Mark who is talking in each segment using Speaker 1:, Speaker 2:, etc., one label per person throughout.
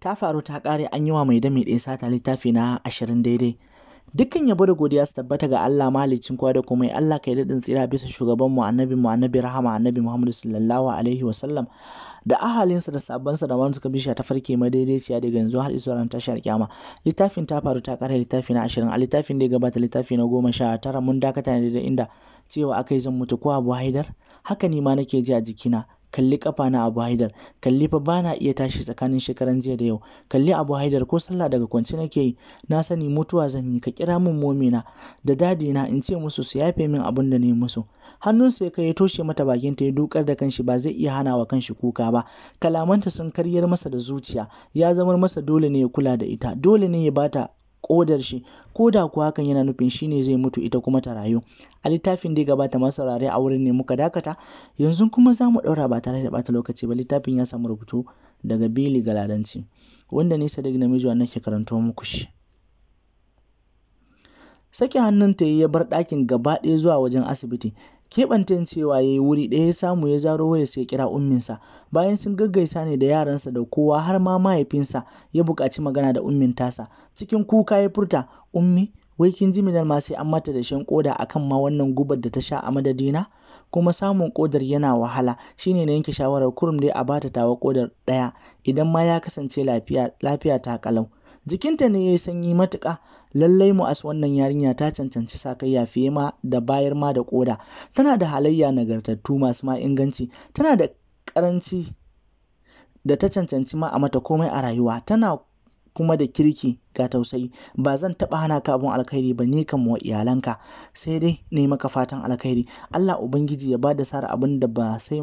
Speaker 1: ta faru ta ƙare an yi wa mai dami ɗaya sata littafi na ashirin daidai dukkan yabo da godiya su tabbata ga Allah mahalicin kowa da komai Allah kai daɗin tsira bisa shugaban mu annabi mu annabi rahama annabi Muhammadu sallallahu alaihi wa da ahalinsa da sabansa da wani suka bisha ta farke madaidaiciya daga yanzu har zuwa ran tashar kyama littafin ta faru ta kare littafi na ashirin, a littafin da ya gabata littafi na goma sha tara mun dakata ne da inda cewa aka yi zan mutu ko abu haidar haka ni ma nake ji a jikina kalli kafa na abu haidar kalli fa bana iya tashi tsakanin shekaran jiya da yau kalli abu haidar ko sallah daga kwance nake yi na sani mutuwa zan yi ka kira min momina da dadi na in ce musu su yafe min abin da ne musu Hannun hannunsa ya kai ya toshe mata bakin ta ya dukar da kanshi ba zai iya hana wa kanshi kuka ba kalamanta sun karyar masa da zuciya ya zamar masa dole ne ya kula da ita dole ne ya bata kodar shi ko da kuwa hakan yana nufin shi ne zai mutu ita kuma ta rayu a littafin da ya gabata masu saurare a wurin ne muka dakata yanzu kuma za mu ɗaura ba tare da bata lokaci ba littafin ya samu rubutu daga bili galadanci wanda ni sadiq namiji ke karanto muku shi sake hannun yi ya bar ɗakin gaba ɗaya zuwa wajen asibiti keɓantan cewa ya yi wuri ɗaya ya samu ya zaro wayarsa ya kira umminsa bayan sun gaggaisa ne da yaransa da kowa har ma mahaifinsa ya buƙaci magana da ummin tasa cikin kuka ya furta ummi wai kin ji minal ma sai an mata da shan koda akan ma wannan gubar da ta sha a madadina kuma samun kodar yana wahala shine na yanke shawarar kurum dai a bata tawa kodar ɗaya idan ma ya kasance lafiya lafiya ta kalau jikinta ne ya yi sanyi matuƙa lallai mu'as wannan yarinya ta cancanci sakayya fiye ma da bayar ma da koda tana da halayya nagartattu masu ma inganci tana da karanci da ta cancanci ma a mata komai a rayuwa tana kuma da kirki ga tausayi ba zan taɓa hana ka abun alkhairi ba ni kan wa iyalanka sai dai ne maka fatan alkhairi Allah ubangiji ya ba da sara abin da ba sai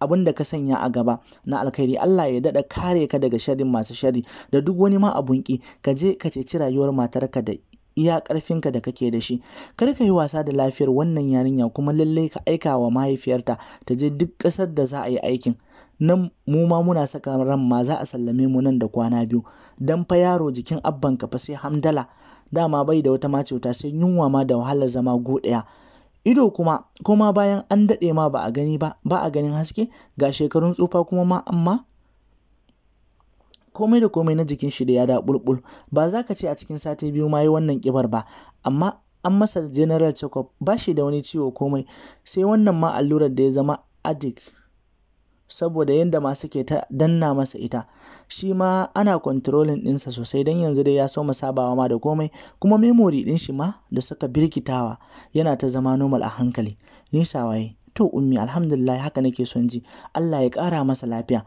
Speaker 1: abin da ka sanya a gaba na alkhairi Allah ya daɗa kare ka daga sharrin masu sharri da duk wani ma abun ki ka je ka ceci rayuwar matarka da iya ƙarfinka da kake da shi kar ka yi wasa da lafiyar wannan yarinya kuma lallai ka aika wa mahaifiyarta ta je duk ƙasar da za a yi aikin nan mu ma muna saka ran ma za a sallame mu nan da kwana biyu dan fa yaro jikin abban ka fa sai hamdala dama bai da wata ma cuta sai yunwa ma da wahalar zama go ɗaya ido kuma kuma bayan an daɗe ma ba a gani ba ba a ganin haske ga shekarun tsufa kuma ma amma komai da komai na jikin shi da ya da bulbul ba za ka ce a cikin sati biyu ma yi wannan kibar ba amma an masa general check-up ba shi da wani ciwo komai sai wannan ma allurar da ya zama addict saboda yadda masu ke ta danna masa ita shi ma ana kontrolin ɗinsa sosai don yanzu dai ya so sabawa ma da komai kuma memori ɗin shi ma da suka birkitawa yana ta zama normal a hankali nisa waye to ummi alhamdulillah haka nake son ji Allah ya ƙara masa lafiya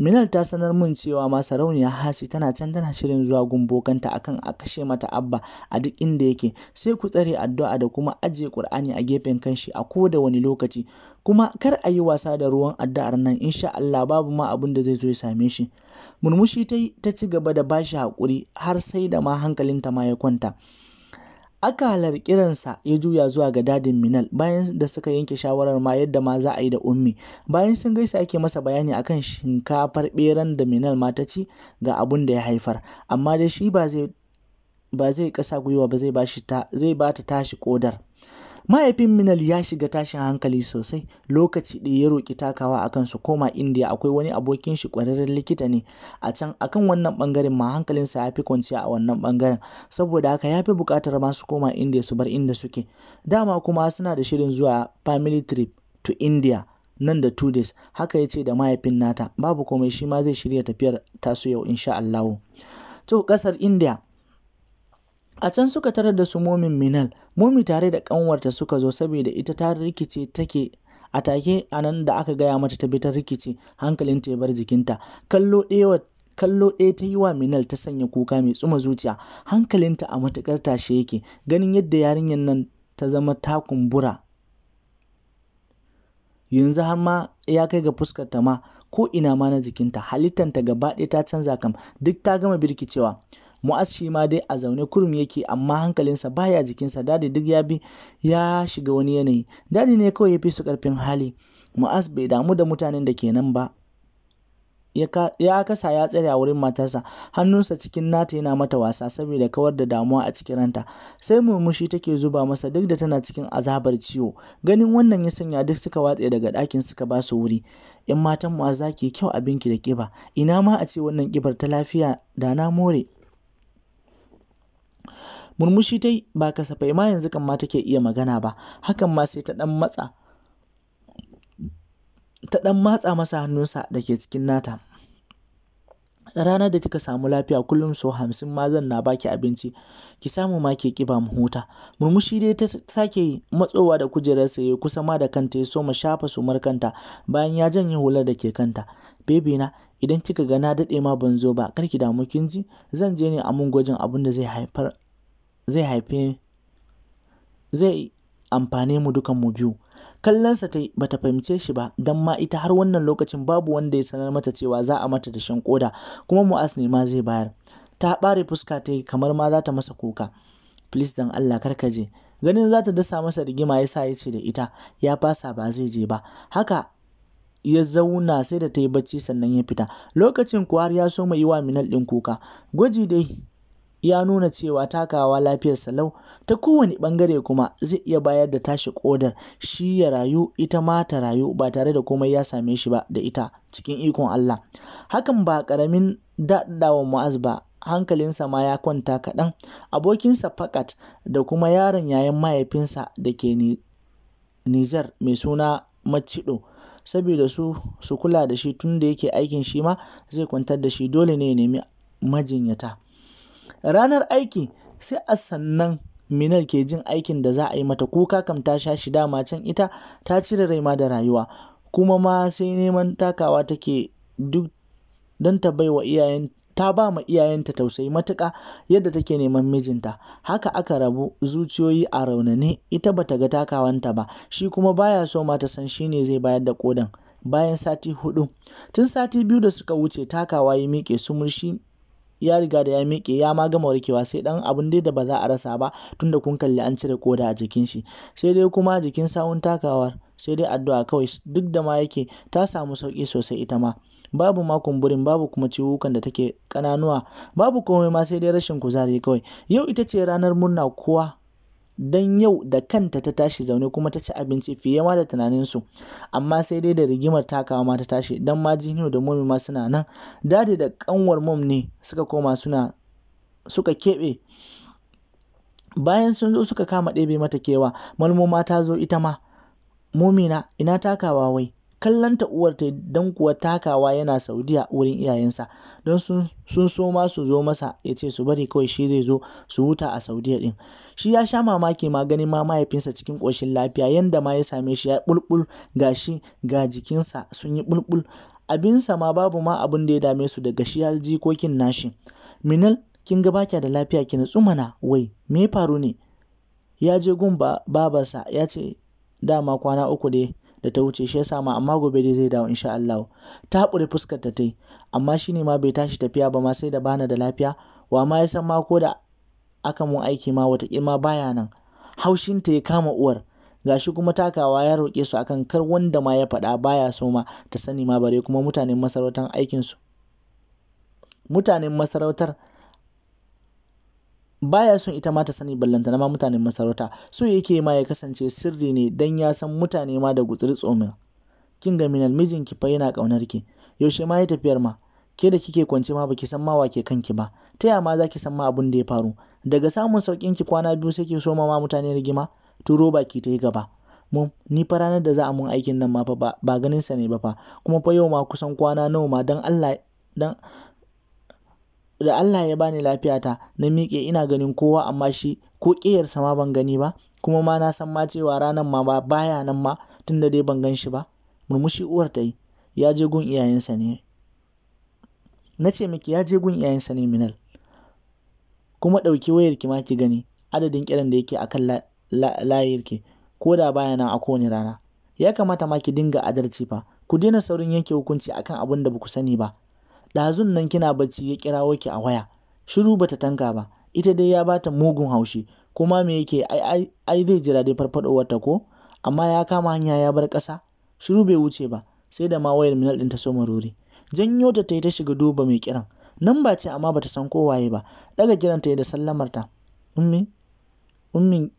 Speaker 1: Minal ta sanar mun cewa ma sarauniya Hasi tana can tana shirin zuwa gumbokanta akan a kashe mata Abba a duk inda yake. Sai ku tsare addu'a da kuma ajiye Kur'ani a gefen kanshi a ko da wani lokaci. Kuma kar a yi wasa da ruwan addu'ar nan insha Allah babu ma abin da zai zo ya same shi. Murmushi ta ta ci gaba da bashi haƙuri har sai da ma hankalinta ma ya kwanta. Akalar kiransa ya juya zuwa ga Dadin Minal bayan da suka yanke shawarar ma yadda ma za a yi da Ummi. Bayan sun gaisa ake masa bayani akan shinkafar ɓeran da Minal ma ta ci ga abun da ya haifar, amma dai shi ba zai ba zai kasa gwiwa ba zai ba ta tashi ƙodar. mahaifin minal ya shiga tashin hankali sosai lokaci ɗaya ya roƙi takawa akan su koma indiya akwai wani abokin shi ƙwararren likita ne a can akan wannan ɓangaren ma hankalinsa ya fi kwanciya a wannan ɓangaren saboda haka ya fi buƙatar ma su koma indiya su bar inda suke dama kuma suna da shirin zuwa family trip to india nan da two days haka ya ce da mahaifin nata babu komai shi ma zai shirya tafiyar tasu yau insha allahu to ƙasar india a can suka tarar da su momin minal momi tare da kanwarta suka zo saboda ita ta rikice take a take a nan da aka gaya mata ta bi ta rikice hankalin ta bar jikinta kallo ɗewa kallo ɗaya ta yi wa minal ta sanya kuka mai tsuma zuciya hankalinta a matuƙar tashe yake ganin yadda yarinyar nan ta zama ta kumbura yanzu har ma ya kai ga fuskar ta ma ko ina ma na jikinta halittanta gaba ɗaya ta canza kam duk ta gama birkicewa mu'az shi ma dai a zaune kurum yake amma hankalinsa baya jikinsa dadi duk ya bi ya shiga wani yanayi dadi ne kawai ya fi su karfin hali mu'az bai damu da mutanen da ke nan ba ya kasa ya tsere a wurin matarsa hannunsa cikin nata yana mata wasa saboda kawar da damuwa a cikin ranta sai murmushi take zuba masa duk da tana cikin azabar ciwo ganin wannan ya sanya duk suka watse daga ɗakin suka ba su wuri yan matan mu za kyau abinki da kiba ina ma a ce wannan kibar ta lafiya da na more murmushi ta yi ba kasafai ma yanzu kan ma take iya magana ba hakan ma sai ta ɗan matsa ta ɗan matsa masa hannunsa da ke cikin nata ranar da kika samu lafiya kullum so hamsin ma zan na baki abinci ki samu ma ke kiba mu huta murmushi dai ta sake yi matsowa da kujerarsa ya kusa ma da kanta ya soma shafa sumar kanta bayan ya janye hular da ke kanta bebi na idan kika ga na dade ma ban zo ba karki damu kin ji zan je ne a mun gwajin abin da zai haifar zai haife zai amfane mu dukan mu biyu kallonsa ta bata fahimce shi ba don ma ita har wannan lokacin babu wanda ya sanar mata cewa za a mata dashen koda kuma mu'as ne ma zai bayar ta bare fuska ta yi kamar ma za ta masa kuka please dan Allah kar ka je ganin za ta dasa masa rigima ya sa ya ce da ita ya fasa ba zai je ba haka ya zauna sai da ta yi bacci sannan ya fita lokacin kuwa ya so mai yi wa minal ɗin kuka gwaji dai ya nuna cewa takawa lafiyar salau ta kowane bangare kuma zai iya bayar da tashi ƙodar shi ya rayu ita ma ta rayu ba tare da komai ya same shi ba da ita cikin ikon Allah. Hakan ba ƙaramin daɗawa Mu'az ba hankalinsa ma ya kwanta kaɗan abokinsa fakat da kuma yaron yayan mahaifinsa da ke Nizar mai suna Macido saboda su su kula da shi tun da yake aikin shi ma zai kwantar da shi dole ne ya nemi majinyata. Ranar aiki, sai a sannan Minal ke jin aikin da za a yi mata kuka kam ta sha shi dama can ita ta cire rai ma da rayuwa, kuma ma sai neman takawa take duk don ta bai wa iyayen ta ba ma iyayenta tausayi matuka, yadda take neman mijinta haka aka rabu zuciyoyi a raunane ita bata ga takawanta ba shi kuma baya so mata san shi ne zai bayar da kodan bayan sati hudu tun sati biyu da suka wuce takawa yi miƙe sumurshi ya riga da ya miƙe ya ma gama warkewa sai dan abun dai da ba za a rasa ba tunda kun kalli an cire koda a jikin shi sai dai kuma jikin sawun takawa sai dai addu'a kawai duk da ma yake ta samu sauki sosai ita ma babu ma kumburin babu kuma ciwukan da take kananuwa babu komai ma sai dai rashin kuzari kawai yau ita ce ranar murna kowa don yau da kanta ta tashi zaune kuma ta ci abinci fiye ma da tunaninsu amma sai dai da rigimar takawa ma ta tashi don ma jiniyo da momi ma suna nan dadi da kanwar mom ne suka koma suna suka keɓe bayan sun zo suka kama ɗebe mata kewa malmoma ta zo ita ma momina ina takawa wai kallon ta uwar ta dan kuwa takawa yana saudiya wurin iyayensa don sun so ma su zo masa ya ce su bari kawai shi zai zo su huta a saudiya din shi ya sha mamaki ma ganin ma mahaifinsa cikin ƙoshin lafiya yanda ma ya same shi ya bulbul ga shi ga jikinsa sun yi bulbul abinsa ma babu ma abin da ya dame su daga shi har jikokin nashi minal kin ga baki da lafiya ki na tsumana wai me faru ne ya je gun babarsa ya ce dama kwana uku dai da ta wuce shi ya sama amma gobe dai zai dawo insha Allah ta haƙure fuskar ta tai amma shi ne ma bai tashi tafiya ba ma sai da bana da lafiya wa ma ya san ma ko da aka mun aiki ma wata ma baya nan haushin ta ya kama uwar gashi kuma takawa ya roke su akan kar wanda ma ya faɗa baya so ma ta sani ma bare kuma mutanen masarautar aikin su mutanen masarautar baya son ita ma ta sani ballanta ma mutanen masarauta so yake ma ya kasance sirri ne dan ya san mutane ma da gutsiri tsomin kin ga minal mijin ki fa yana kaunar ki yaushe ma ya tafiyar ma ke da kike kwance ma baki san ma wake kanki ba ta ya ma zaki san ma abun da ya faru daga samun saukin ki kwana biyu sai ki so ma mutane rigima turo baki ta yi gaba mu ni fa ranar da za a mun aikin nan ma fa ba ganin sa ne ba fa kuma fa yau ma kusan kwana nawa ma dan Allah dan da Allah ya bani lafiyata na miƙe ina ganin kowa amma shi ko ƙiyarsa ma ban gani ba kuma ma na san ma cewa ranan ma ba baya nan ma tunda dai ban gan shi ba murmushi uwar ta yi ya je gun iyayensa ne na ce miki ya je gun iyayensa ne minal kuma ɗauki wayar ki ma ki gani adadin kiran da yake akan layar ki ko da baya nan a kowane rana ya kamata ma ki dinga adalci fa ku daina saurin yanke hukunci akan abin da ba ku sani ba ɗazun nan kina bacci ya kira wake a waya shiru bata tanka ba ita dai ya bata mugun haushi kuma me yake ai ai zai jira dai farfadowar ta ko amma ya kama hanya ya bar ƙasa shiru bai wuce ba sai da ma wayar minal ɗin ta so marori janyo ta ta yi ta shiga duba mai kiran nan ba ce amma bata san ko waye ba daga kiran ta da sallamar ta ummi ummin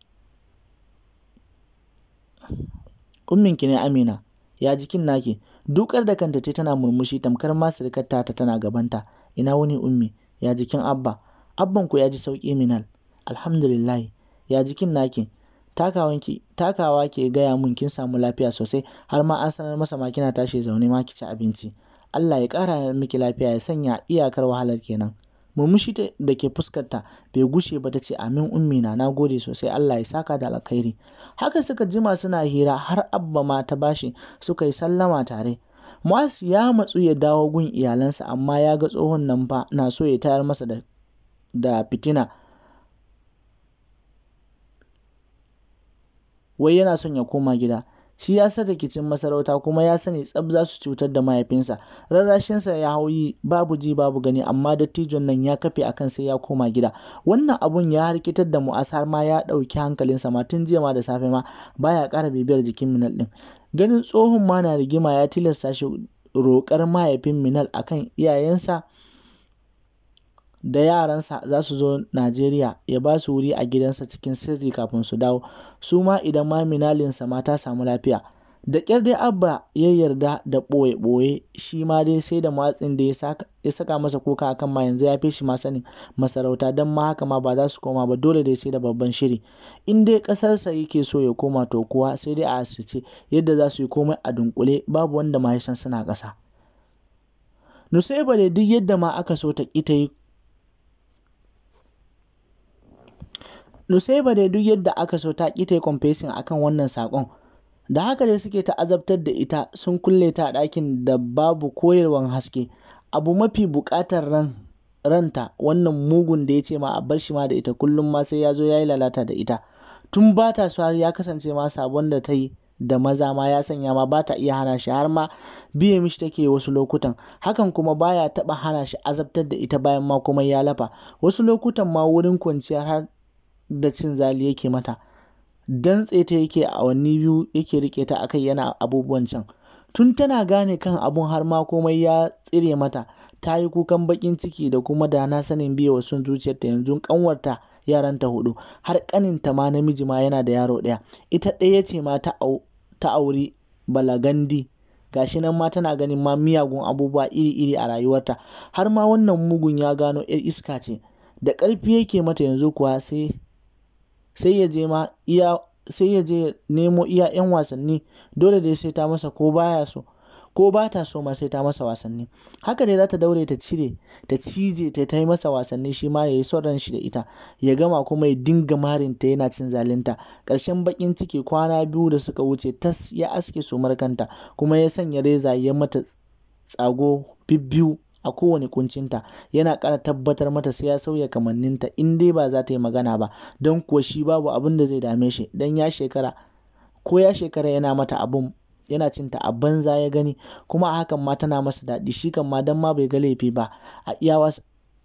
Speaker 1: ummin ki ne amina ya jikin naki dukar da kanta ce tana murmushi tamkar ma sirkar tata tana gabanta ina wuni ummi ya jikin abba abban ku ya ji sauki minal alhamdulillah ya jikin nakin takawa ke gaya mun kin samu lafiya sosai har ma an sanar masa ma kina tashi zaune ma ki ci abinci Allah ya ƙara miki lafiya ya sanya iyakar wahalar kenan Murmushi da ke fuskarta bai gushe ba ta ce amin ummina na gode sosai Allah ya saka da alkhairi. Haka suka jima suna hira har abba ma ta bashi suka yi sallama tare. Mas ya matsu ya dawo gun iyalansa amma ya ga tsohon nan ba, na so ya tayar masa da, da fitina. Wai yana son ya koma gida. shi ya san rikicin masarauta kuma ya sani tsab za su cutar da mahaifinsa rarrashinsa ya hauyi babu ji babu gani amma dattijon nan ya kafe akan sai ya koma gida wannan abun ya harkitar da mu har ma ya ɗauki hankalinsa ma tun jiya ma da safe ma baya ƙara bibiyar jikin minal ɗin ganin tsohon ma na rigima ya tilasta shi roƙar mahaifin minal akan iyayensa da yaransa za su zo Najeriya ya ba su wuri a gidansa cikin sirri kafin su dawo, su ma idan ma minalinsa ma ta samu lafiya. Da ƙyar dai Abba ya yarda da ɓoye-ɓoye shi ma dai sai da matsin da ya saka masa kuka kan ma yanzu ya fi shi ma sanin masarauta don ma haka ma ba za su koma ba dole dai sai da babban shiri. In dai ƙasarsa yake so ya koma to kuwa sai dai a asirce yadda za su yi komai a dunkule babu wanda ma ya san suna ƙasa. Nusaiba dai duk yadda ma aka so ta ƙi ta yi Nuseba dai duk yadda aka so ta ƙi ta yi confessing akan wannan saƙon. Da haka dai suke ta azabtar da ita sun kulle ta a ɗakin da babu koyarwan haske. Abu mafi buƙatar ran ranta wannan mugun da ya ce ma a bar shi ma da ita kullum ma sai ya zo ya yi lalata da ita. Tun ba ta so har ya kasance ma sabon da ta yi da maza ma ya sanya ma ba ta iya hana shi har ma biye mishi take wasu lokutan hakan kuma baya taɓa hana shi azabtar da ita bayan ma komai ya lafa wasu lokutan ma wurin kwanciya har da cin zali yake mata dantse ta yake a awanni biyu yake rike ta akai yana abubuwan can tun tana gane kan abun har ma komai ya tsire mata ta yi kukan bakin ciki da kuma da na sanin biyewa sun zuciyarta yanzu kanwarta yaranta hudu har kaninta ma namiji ma yana da yaro daya ita ɗaya ce ma ta auri balagandi gashi nan ma tana ganin ma miyagun abubuwa iri-iri a rayuwarta har ma wannan mugun ya gano 'yar iska ce da ƙarfi yake mata yanzu kuwa sai sai ya je ma iya sai ya je nemo iya 'yan wasanni dole dai sai ta masa ko baya so ko ba ta so ma sai ta masa wasanni haka ne za ta daure ta cire ta cije ta ta yi masa wasanni shi ma ya yi son shi da ita ya gama kuma ya dinga marin ta yana cin zalinta ƙarshen bakin ciki kwana biyu da suka wuce tas ya aske sumar kanta kuma ya sanya reza ya mata tsago bibbiyu a kowane kuncinta yana ƙara tabbatar mata sai ya sauya kamanninta in dai ba za ta yi magana ba don kuwa shi babu abin da zai dame shi don ya shekara ko ya shekara yana mata abun yana cinta a banza ya gani kuma a hakan ma tana masa daɗi shi kan ma don ma bai ga laifi ba a iya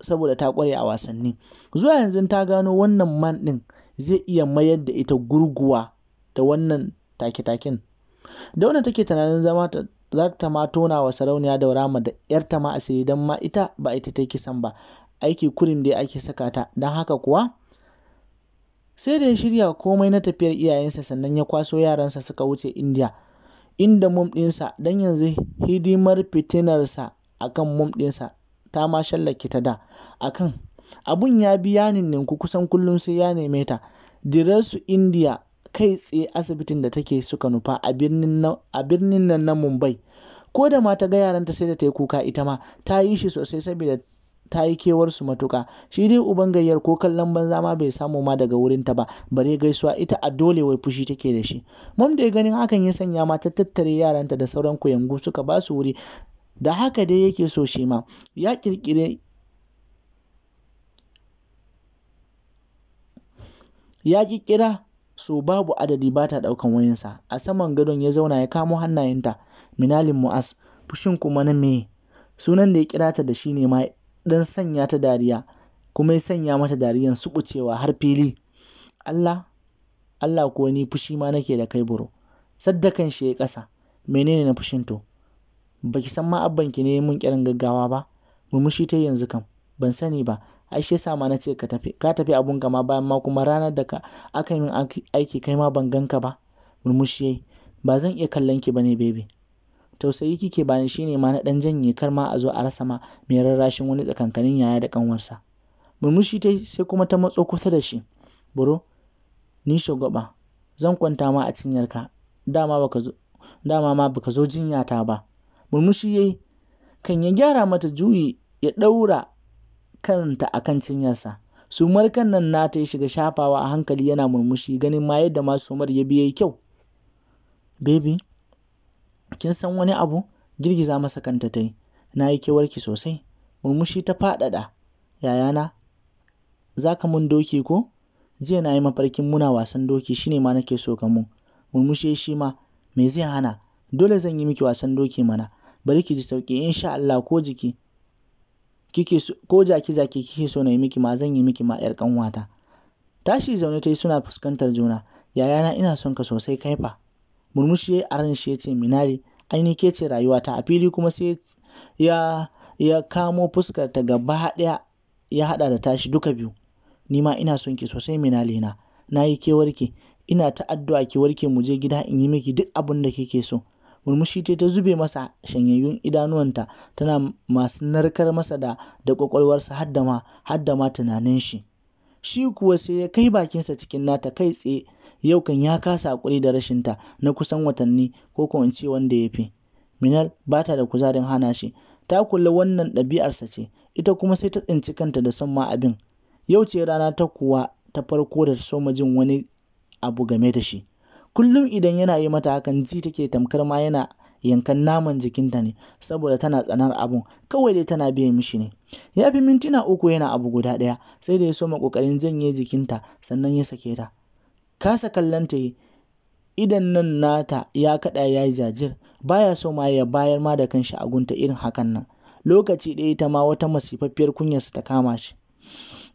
Speaker 1: saboda ta kware a wasanni zuwa yanzu ta gano wannan man ɗin zai iya mayar da ita gurguwa da wannan take-taken da wannan take tunanin zama ta za ta ma tona wa sarauniya da rama da yarta ma asiri don ma ita ba ita ta kisan ba aiki kurin da ake saka ta don haka kuwa sai da ya shirya komai na tafiyar iyayensa sannan ya kwaso yaransa suka wuce indiya inda mum ɗinsa don yanzu hidimar fitinarsa a mum ɗinsa ta ma shallake ta da akan abun ya bi ya kusan kullum sai ya neme ta diresu indiya kai tsaye asibitin da take suka nufa a birnin nan na mumbai ko da ma ta ga yaranta sai da ta yi kuka ita ma ta yi shi sosai saboda ta yi kewar su matuka shi dai uban gayyar ko kallon banza ma bai samu ma daga wurin ta ba bare gaisuwa ita a dole wai fushi take da shi mam da ganin hakan ya sanya ma ta tattare yaranta da sauran kuyangu suka ba su wuri da haka dai yake so shi ma ya kirkire ya kikira so babu adadi ba ta ɗaukan wayansa a saman gadon ya zauna ya kamo hannayenta minalin mu'as fushin kuma na me sunan da ya kira ta da shi ne ma dan sanya ta dariya kuma ya sanya mata dariyan suɓucewa har fili Allah Allah ko ni fushi ma nake da kai buro saddakan shi ya kasa. menene na fushin to baki san ma abban ki ne mun kiran gaggawa ba murmushi ta yanzu kam ban sani ba ai shi yasa ma na ce ka tafi ka tafi abun ka ma bayan ma kuma ranar da ka aka yi min aiki kai ma ban ganka ba murmushi yayi ba zan iya kallon ki bane baby tausayi kike ba bani shine ma na dan janye kar ma a zo a rasa ma mai rarrashin wani tsakankanin yaya da kanwarsa murmushi ta sai kuma ta matso kusa da shi buro ni shugaba zan kwanta ma a cinyarka dama baka zo dama ma baka zo jinya ta ba murmushi yayi kan ya gyara mata juyi ya daura kanta a kan cinyarsa. Sumar kan nan nata ya shiga shafawa a hankali yana murmushi ganin ma yadda ma sumar ya biya kyau. Baby, kin san wani abu? Girgiza masa kanta ta yi. Na yi kewarki sosai. Murmushi ta faɗaɗa. Yayana, za ka mun doki ko? Jiya na yi mafarkin muna wasan doki shine ma nake so ka mun. murmushi shi ma, me zai hana? Dole zan yi miki wasan doki mana. Bari ki ji sauƙi insha Allah ko jiki. kike ko jaki zaki kike so na yi miki ma zan yi miki ma yar kanwata tashi zaune ta yi suna fuskantar juna yayana ina son ka sosai kai fa murmushi ya aran shi ya ce minari aini ke ce rayuwata a fili kuma sai ya ya kamo fuskar ta gaba daya ya hada da tashi duka biyu ni ma ina son ki sosai minali na nayi ke warke ina ta addu'a ki warke mu je gida in yi miki duk abin da kike so Murmushi ce ta zube masa shanyayyun idanuwanta tana masu narkar masa da da kwakwalwarsa har da ma tunanin shi. Shi kuwa sai ya kai bakinsa cikin nata kai tsaye yau kan ya kasa hakuri da rashinta na kusan watanni ko ko in ce wanda ya fi. Minal ba ta da kuzarin hana shi, ta kula wannan ɗabi'arsa ce, ita kuma sai ta tsinci kanta da son ma abin. Yau ce rana ta kuwa ta farko da ta soma jin wani abu game da shi. kullum idan yana yi mata hakan ji take tamkar ma yana yankan naman jikinta ne saboda tana tsanar abun kawai dai tana biye mishi ne ya fi mintuna uku yana abu guda ɗaya sai da ya soma ƙoƙarin janye jikinta sannan ya sake ta kasa kallon ta idan nan nata ya kaɗa ya yi jajir baya so ma ya bayar ma da kan gunta irin hakan nan lokaci ɗaya ita ma wata masifaffiyar kunyarsa ta kama shi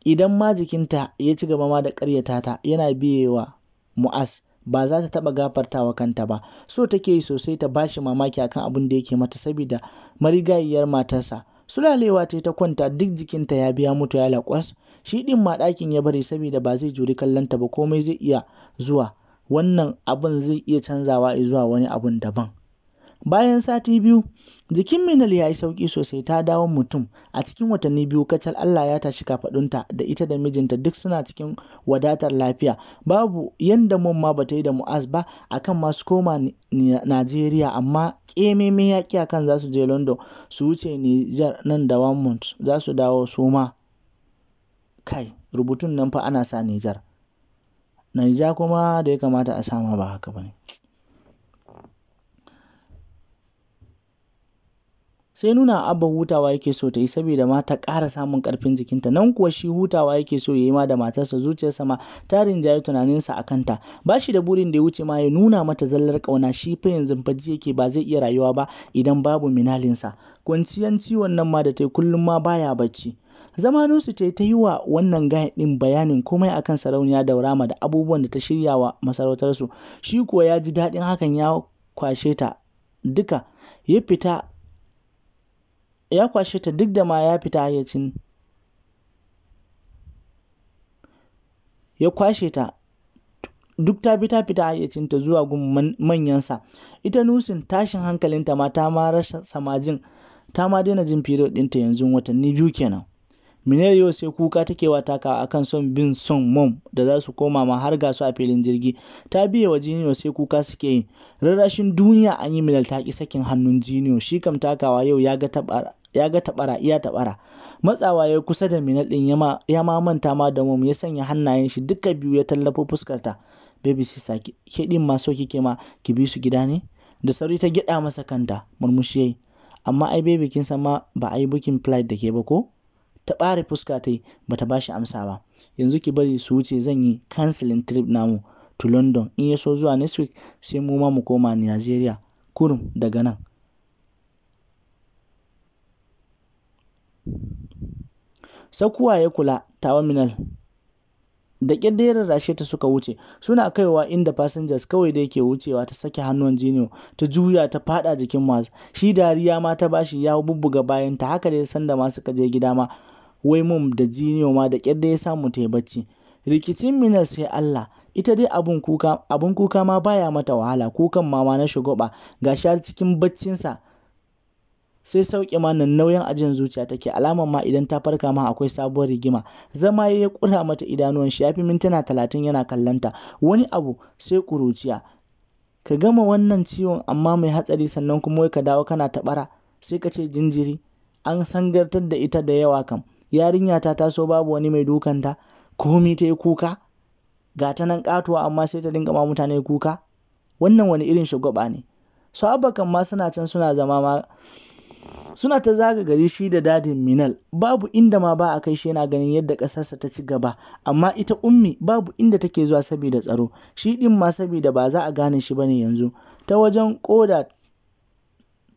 Speaker 1: idan ma jikinta ya ci gaba ma da ƙaryata ta yana biyewa mu'as ba za ta taɓa gafartawa kanta ba so take yi sosai ta bashi mamaki akan abin da yake mata saboda marigayiyar matarsa sulalewa ta ta kwanta duk jikinta ya biya mutu ya laƙwas shi ɗin ma ɗakin ya bari saboda ba zai juri kallonta ba komai zai iya zuwa wannan abin zai iya canzawa zuwa wani abun daban bayan sati biyu Jikin Minal ya yi sauki sosai ta dawo mutum. A cikin watanni biyu kacal Allah ya tashi kafaɗunta da ita da mijinta duk suna cikin wadatar lafiya. Babu yadda mun ma bata yi da Mu'az ba akan masu koma Najeriya amma ƙememe yaki akan za su je London su wuce niger nan da one month za su dawo su ma. Kai, rubutun nan fa ana sa Nijar. niger kuma da ya kamata a sama ba haka bane sai nuna abba hutawa yake so ta yi saboda ma ta ƙara samun ƙarfin jikinta nan kuwa shi hutawa yake so ya yi ma da matarsa zuciyarsa sama ta rinjaye tunaninsa a kanta ba shi da burin da ya wuce ma ya nuna mata zallar ƙauna shi fa yanzu fa yake ba zai iya rayuwa ba idan babu minalinsa kwanciyan ciwon nan ma da ta yi kullum ma baya bacci Zamaninsu ta ta yi wa wannan gaya ɗin bayanin komai akan sarauniya da rama da abubuwan da ta shirya wa masarautarsu shi kuwa ya ji daɗin hakan ya kwashe ta duka ya fita ya kwashe ta duk da ma ya fita ya kwashe ta duk ta bi ta fita hayyacinta zuwa gun manyansa ita nusin tashin hankalinta ma ta ma rasa samajin ta ma daina jin period ɗinta yanzu watanni biyu kenan yau sai kuka take wa takawa a kan son bin son Mom da za su koma ma har ga a filin jirgi. Ta biye wa Junior sai kuka suke yi. Rarrashin duniya an yi Minal ta sakin hannun jinio shi kam takawa yau ya ga taɓara. ya tabara iya tabara matsawa ya kusa da minal din ya ma manta ma da mom ya sanya hannayen shi duka biyu ya tallafo fuskarta baby sisa ke din ma so kike ma ki bi su gida ne da sauri ta gyaɗa masa kanta murmushi yayi amma ai baby kin san ma ba ai booking flight da ke ba ko ta ɓare fuska ta yi ba ta bashi amsa ba yanzu ki bari su wuce zan yi kansilin trip namu to london in ya so zuwa next week sai mu ma mu koma nigeria kurum daga nan sakuwa ya kula terminal da ƙirɗirar rashe ta suka wuce suna kaiwa inda passengers kawai da yake wucewa ta sake hannun jiniyo ta juya ta fada jikin masu shi dariya ma ta bashi ya bubbuga bayan ta haka dai sanda ma suka je gida ma wai Mum da Junior ma da kyar da ya samu ta yi bacci. Rikicin Minna sai Allah, ita dai abun kuka ma baya mata wahala, kukan mama na shugaba. ga shi har cikin baccinsa sai sauƙi ma nauyin ajin zuciya take alamar ma idan ta farka ma akwai sabuwar rigima zama ya kura mata idanuwan shi ya fi mintuna talatin yana kallanta wani abu sai ƙuruciya. ka gama wannan ciwon amma mai hatsari sannan kuma wai ka dawo kana taɓara sai ka ce jinjiri an sangartar da ita da yawa kam yarinya ta taso babu wani mai dukanta komi ta yi kuka ga ta nan katuwa amma sai ta dinga ma mutane kuka wannan wani irin shugaba ne su abba kan ma suna can suna zama ma suna ta zaga gari shi da dadin minal babu inda ma ba a kai shi yana ganin yadda ƙasarsa ta ci gaba amma ita ummi babu inda take zuwa saboda tsaro shi ɗin ma saboda ba za a gane shi bane yanzu ta wajen koda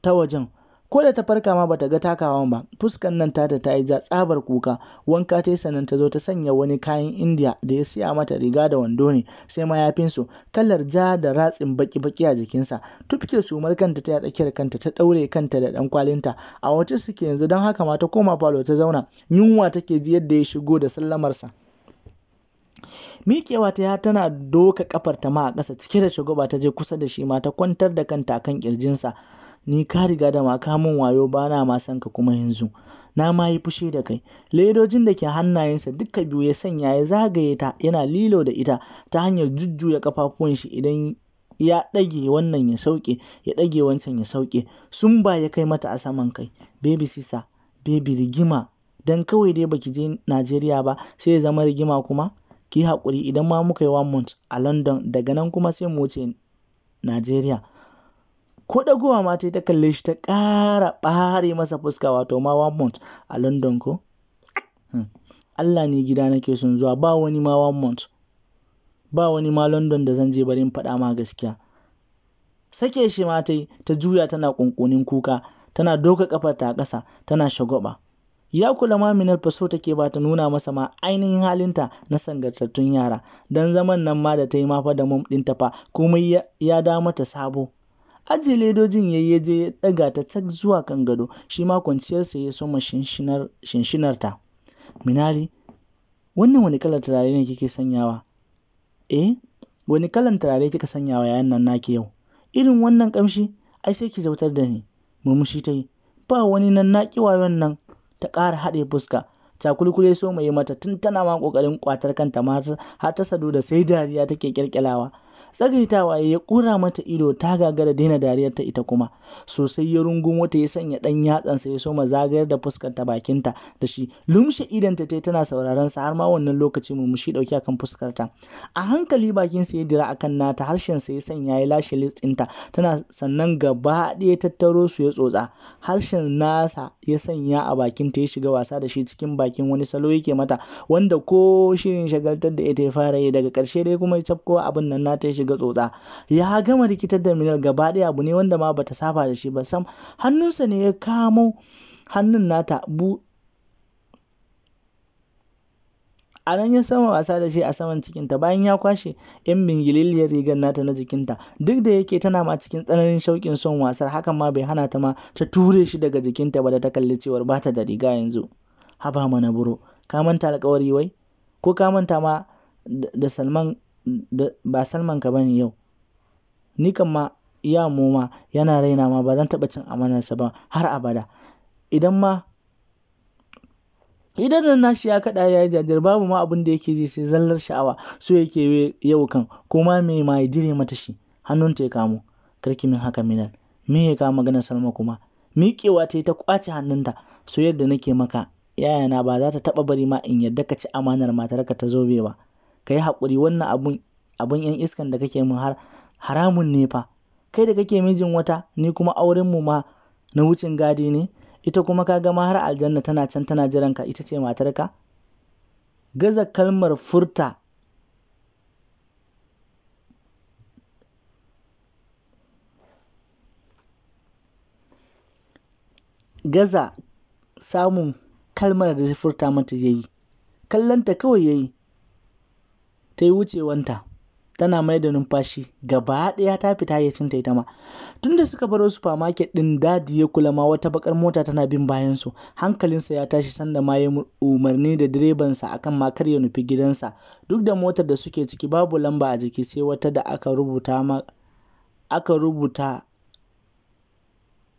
Speaker 1: ta wajen ko da ta farka ma bata ga takawa ba fuskan nan tata ta yi ja tsabar kuka wanka ta sanan ta zo ta sanya wani kayan indiya da ya siya mata riga da wando ne sai ma su- kalar ja da ratsin baki-baki a jikinsa tufkil sumar kanta ta tsakiyar kanta ta ɗaure kanta da ɗan kwalinta a wace suke yanzu dan haka ma ta koma falo ta zauna yunwa take ji yadda ya shigo da sallamarsa miƙewa ta tana doka kafar ta ma a ƙasa cike da shugaba ta je kusa da shi ma ta kwantar da kanta kan sa. ni ka riga da ma min wayo ba na ma san ka kuma yanzu na ma yi fushi da kai ledojin da ke hannayensa duka biyu ya sanya ya zagaye ta yana lilo da ita ta hanyar jujjuya kafafuwan shi idan ya ɗage wannan ya sauke ya ɗage wancan ya sauke sun ba ya kai mata a saman kai baby sisa baby rigima dan kawai dai baki je Najeriya ba sai ya zama rigima kuma ki haƙuri idan ma muka yi one month a London daga nan kuma sai mu wuce Najeriya ko ɗagowa ma ta kalle shi ta ƙara ɓare masa fuska wato ma one month a london ko hmm. Allah ne gida nake sun zuwa ba wani ma one month ba wani ma london da zan je barin in faɗa ma gaskiya sake shi ma ta ta juya tana ƙunƙunin kuka tana doka kafar ta ƙasa tana shagwaba ya kula ma minal faso take ba ta nuna masa ma ainihin halinta na sangartattun yara don zaman nan ma da ta yi mafa da mum ɗinta fa komai ya da mata sabo Ajiye ledojin ya yi ya je ya ɗaga ta cak zuwa kan gado, shi ma kwanciyarsa ya soma shinshinarta. Minari, wannan wani kalar turare ne kike sanyawa? Eh, wani kalan turare kika sanyawa yayan nan naki yau? Irin wannan kamshi ai sai ki zautar da ni. Murmushi ta yi, ba wani nan naki wayon nan ta ƙara haɗe fuska. Cakulkule so mai mata tun tana ma ƙoƙarin ƙwatar kanta ma har ta sadu da sai dariya take ƙyalƙyalawa. tsagaitawa ya kura mata ido ta gagara daina dariyar ta ita kuma sosai ya rungun wata ya sanya ɗan yatsansa ya soma zagayar da fuskarta bakinta da shi lumshe idanta ta tana sauraron sa har ma wannan lokaci murmushi ɗauki akan fuskarta. a hankali bakinsa ya dira akan nata harshen sa ya sanya ya lashe lips tana sannan gaba ɗaya tattaro su ya tsotsa harshen nasa ya sanya a bakinta ya shiga wasa da shi cikin bakin wani salo yake mata wanda ko shirin shagaltar da ita ya fara yi daga ƙarshe dai kuma ya cafko abin nan nata ya shiga tsotsa ya gama rikitar da Minal gaba ɗaya abu ne wanda ma bata saba da shi ba sam hannunsa ne ya kamo hannun nata bu a nan ya sama wasa da shi a saman cikinta bayan ya kwashe yan bingililiyar rigar nata na jikinta duk da yake tana ma cikin tsananin shauƙin son wasar hakan ma bai hana ta ma ta ture shi daga jikinta ba da ta kalli cewar ba ta da riga yanzu haba mana buro ka manta alƙawari wai ko ka manta ma da salman ba Salman ka bane yau ni kan ma iya mu yana raina ma ba zan taɓa cin amanarsa ba har abada idan ma idan nan nashi ya kaɗa ya yi jajir babu ma abin da yake ji sai zallar sha'awa so yake yau kan kuma me ma ya jire mata shi Hannun ta ya kamo karki min haka minan me ya kama maganar salma kuma miƙewa ta yi ta kwace hannunta so yadda nake maka yayana ba za ta taɓa bari ma in yadda ka ci amanar matar ka ta zobe ba ka yi haƙuri wannan abun abun yan iskan da kake min har haramun ne fa kai da kake mijin wata ni kuma auren mu ma na wucin gadi ne ita kuma ka gama har aljanna tana can tana jiran ka ita ce matarka gaza kalmar furta gaza samun kalmar da ta furta mata yayi yi kallanta kawai yayi ta yi wucewanta tana mai da numfashi gaba ɗaya ta fita ya cinta ita ma tun da suka baro supermarket ɗin dadi ya kula ma wata bakar mota tana bin bayan su hankalinsa ya tashi sanda ma ya umarni da direbansa akan ma kar ya nufi gidansa duk da motar da suke ciki babu lamba a jiki sai wata da aka rubuta ma aka rubuta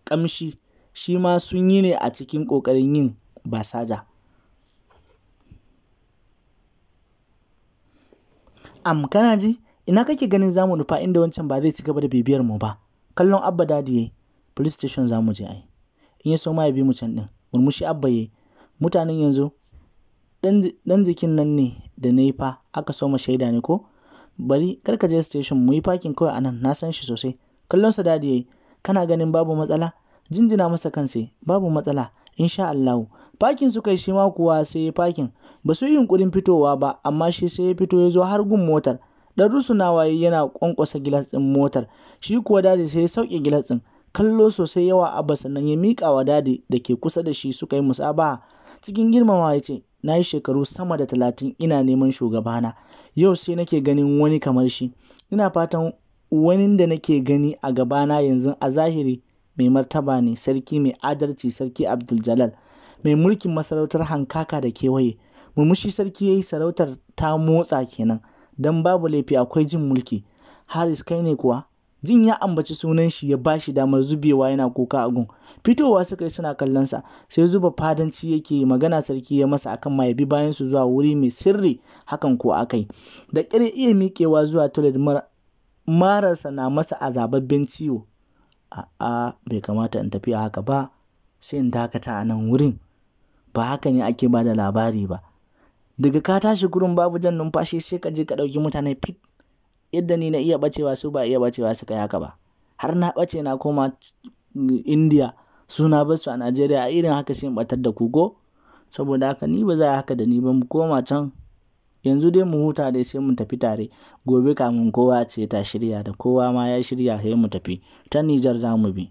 Speaker 1: kamshi shi ma sun yi ne a cikin ƙoƙarin yin basaja am kana ji ina kake ganin zamu nufa inda wancan ba zai ci gaba da bibiyar mu ba kallon abba dadi yayi police station zamu je ai in ya so ma ya bi mu can din murmushi abba yayi mutanen yanzu dan jikin nan ne da nayi yi fa aka so ma shaida ne ko bari kar ka je station mu yi parking kawai anan na san shi sosai kallon sa dadi yayi kana ganin babu matsala jinjina masa kansa babu matsala insha Allah fakin suka yi shi ma kuwa sai ya fakin ba su yi yunkurin fitowa ba amma shi sai ya fito ya zo har gun motar dan rusuna waye yana kwankwasa gilas din motar shi kuwa dadi sai ya sauke gilas din kallo sosai yawa abba sannan ya mika wa dadi da ke kusa da shi suka yi musabaha cikin girmama ya ce na yi shekaru sama da talatin ina neman shugabana yau sai nake ganin wani kamar shi ina fatan wani da nake gani a gabana yanzu a zahiri mai martaba ne sarki mai adalci sarki abdul mai mulkin masarautar hankaka da kewaye murmushi sarki ya yi sarautar ta motsa kenan don babu laifi akwai jin mulki haris kai ne kuwa jin ya ambaci sunan shi ya bashi damar zubewa yana kuka a gun fitowa suka yi suna kallon sa sai zuba fadanci yake magana sarki ya masa akan mayabi bayan su zuwa wuri mai sirri hakan ko akai da ƙyar iya miƙewa zuwa toilet mararsa na masa azababben ciwo a'a bai kamata in tafi a haka ba sai in dakata a nan wurin ba haka ne ake ba da labari ba daga ka tashi gurin babu jan numfashi sai ka je ka ɗauki mutane fit yadda ni na iya bacewa su ba iya bacewa su kai haka ba har na bace na koma indiya suna basu a najeriya a irin haka sai in ɓatar da kugo saboda haka ni ba za a haka da ni ba mu koma can Yanzu dai mu huta dai sai mu tafi tare, gobe kamun kowa ce ta shirya da kowa ma ya shirya sai mu tafi, ta Nijar za mu bi.